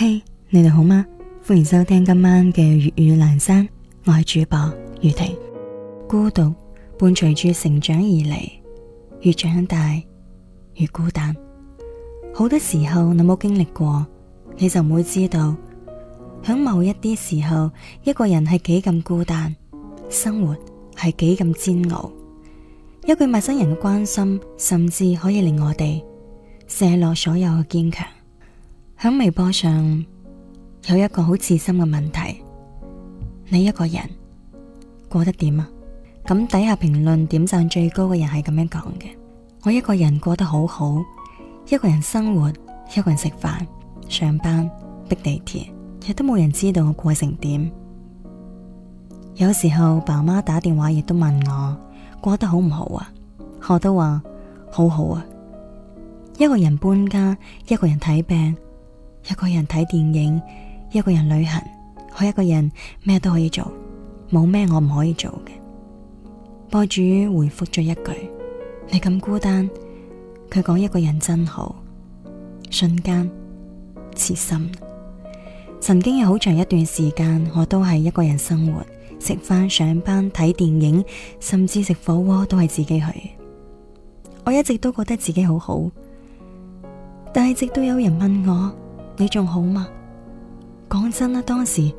嘿，hey，你哋好嗎？歡迎收聽今晚嘅粵語闌珊，我係主播雨婷。孤獨伴隨住成長而嚟，越長大越孤單。好多時候你冇經歷過，你就唔會知道，響某一啲時候，一個人係幾咁孤單，生活係幾咁煎熬。一句陌生人嘅關心，甚至可以令我哋卸落所有嘅堅強。喺微博上有一個好扎心嘅問題，你一個人過得點啊？咁底下評論點讚最高嘅人係咁樣講嘅：我一個人過得好好，一個人生活，一個人食飯、上班、逼地鐵，亦都冇人知道我過成點。有時候爸媽打電話亦都問我過得好唔好啊，我都話好好啊，一個人搬家，一個人睇病。一個人睇電影，一個人旅行，我一個人咩都可以做，冇咩我唔可以做嘅。博主回覆咗一句：你咁孤單？佢講一個人真好，瞬間刺心。曾經有好長一段時間，我都係一個人生活，食飯、上班、睇電影，甚至食火鍋都係自己去。我一直都覺得自己好好，但係直到有人問我。你仲好嗎？講真啦，當時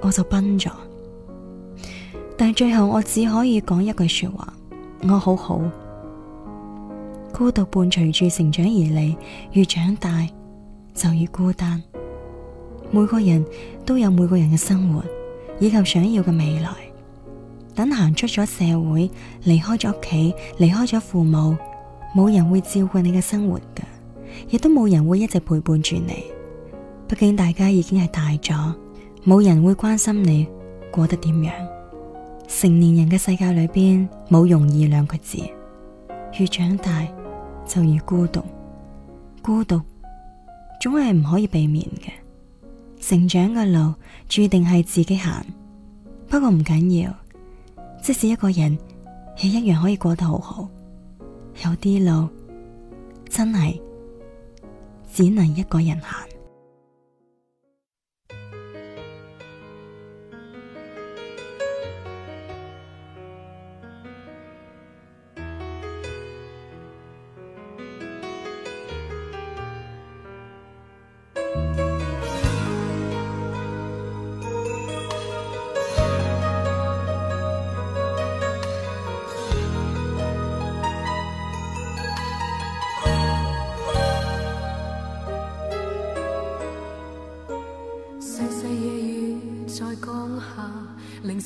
我就崩咗，但係最後我只可以講一句說話，我好好。孤獨伴隨住成長而嚟，越長大就越孤單。每個人都有每個人嘅生活以及想要嘅未來。等行出咗社會，離開咗屋企，離開咗父母，冇人會照顧你嘅生活㗎，亦都冇人會一直陪伴住你。畢竟大家已經係大咗，冇人會關心你過得點樣。成年人嘅世界裏邊冇容易兩個字，越長大就越孤獨。孤獨總係唔可以避免嘅。成長嘅路注定係自己行，不過唔緊要，即使一個人，亦一樣可以過得好好。有啲路真係只能一個人行。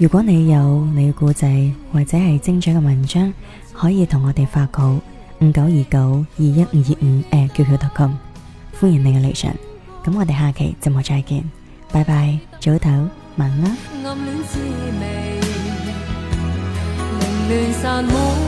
如果你有你嘅故仔或者係精彩嘅文章，可以同我哋發稿五九二九二一五二五誒，QQ.com，歡迎你嘅旅程。咁我哋下期節目再見，拜拜，早唞，晚安。暗戀滋味凌亂散滿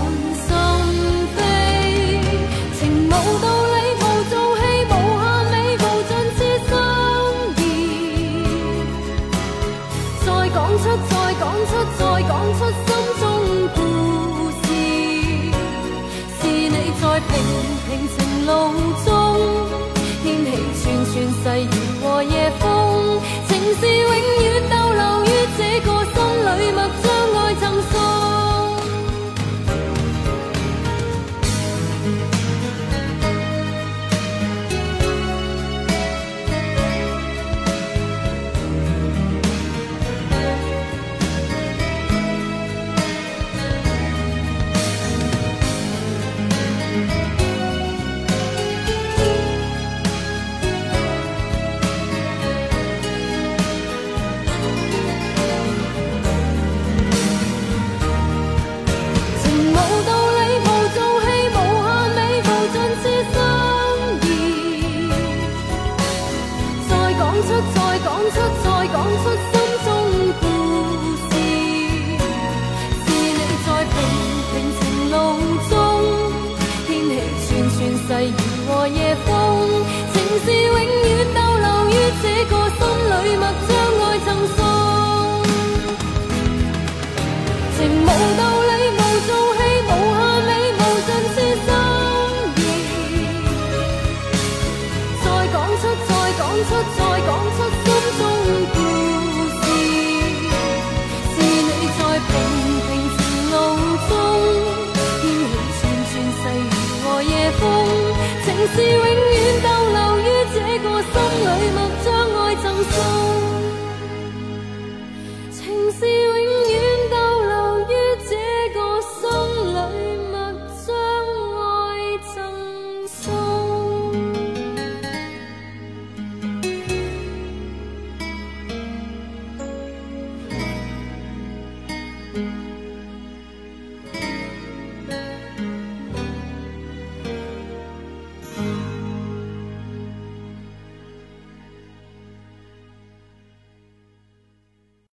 情是永遠逗留於這個心裏，默將愛贈送。情是永遠逗留於這個心裏，默將愛贈送。